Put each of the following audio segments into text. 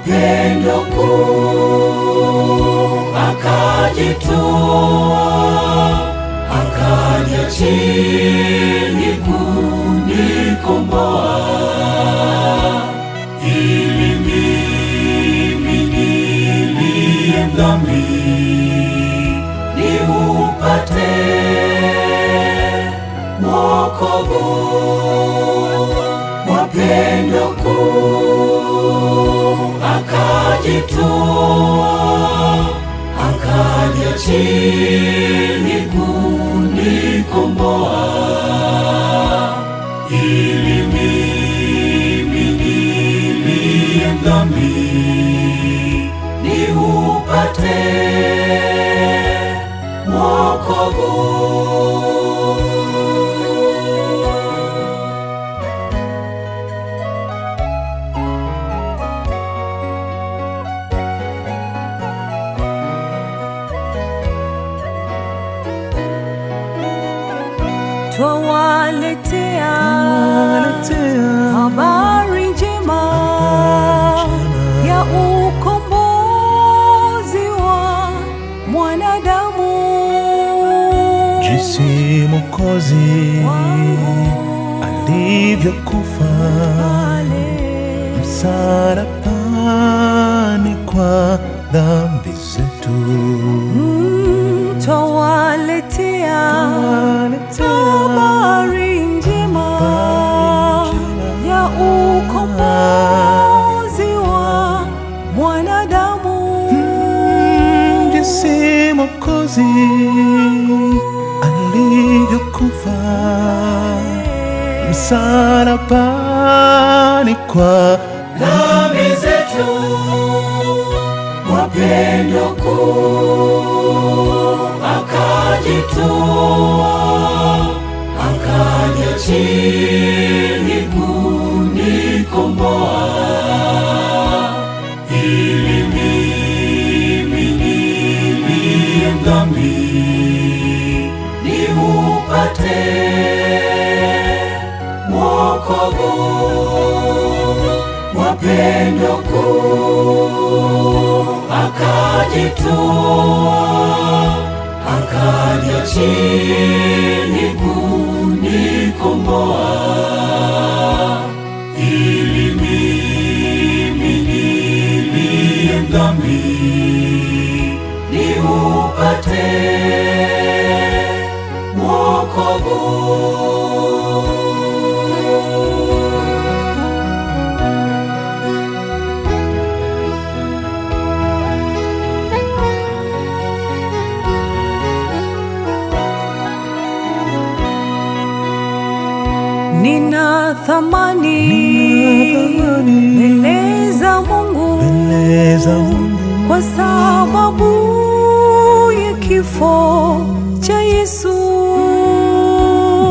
pendo kuu, akajitoa akaja chini kunikomboa, ili mimi niliye mdhambi niupate wokovu wa pendo kitu, akaja chini kunikomboa, ili mimi niliye mdhambi twawaletea habari njema ya ukombozi wa mwanadamu, jinsi Mwokozi alivyokufa msalabani kwa dhambi jinsi alivyokufa msalabani kwa dhambi zetu, wapendwa kuu dhambi niupate wokovu. Mwapendo kuu akajitoa, akaja chini kunikomboa thamani mbele za Mungu, kwa sababu ya kifo cha Yesu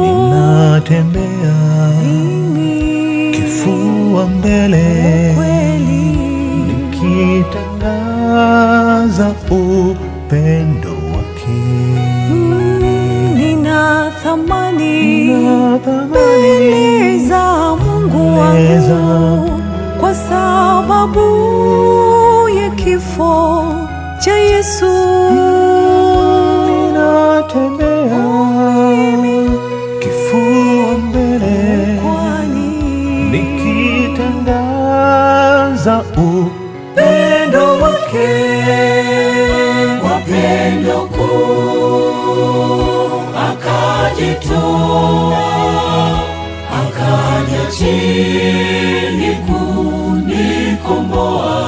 ninatembea kifua mbele nikitangaza thamani mbele za Mungu wangu, kwa sababu ya kifo cha Yesu nikitangaza upendo wake chini kunikomboa,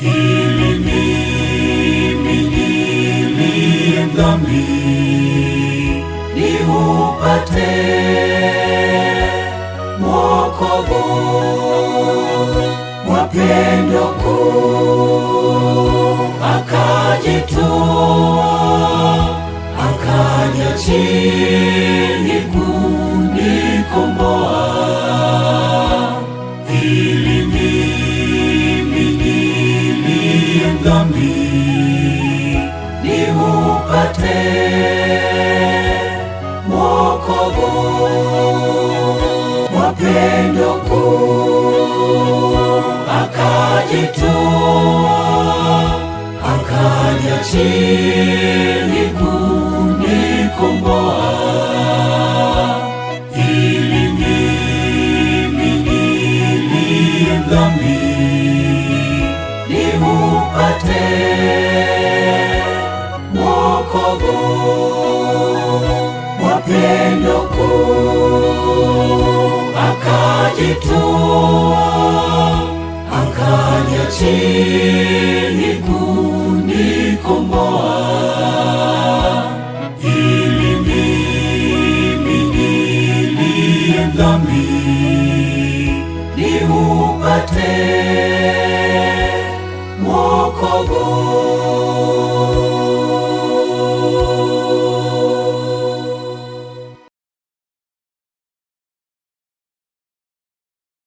ili mimi niliye mdhambi niupate wokovu wa pendo kuu, akajitoa akaja chini niupate Mwokovu wa pendo kuu, akajitoa akaja chini kunikomboa ili mimi niliyedhami upendo kuu akajitoa, akaja chini kunikomboa, ili mimi niliye mdhambi niupate wokovu.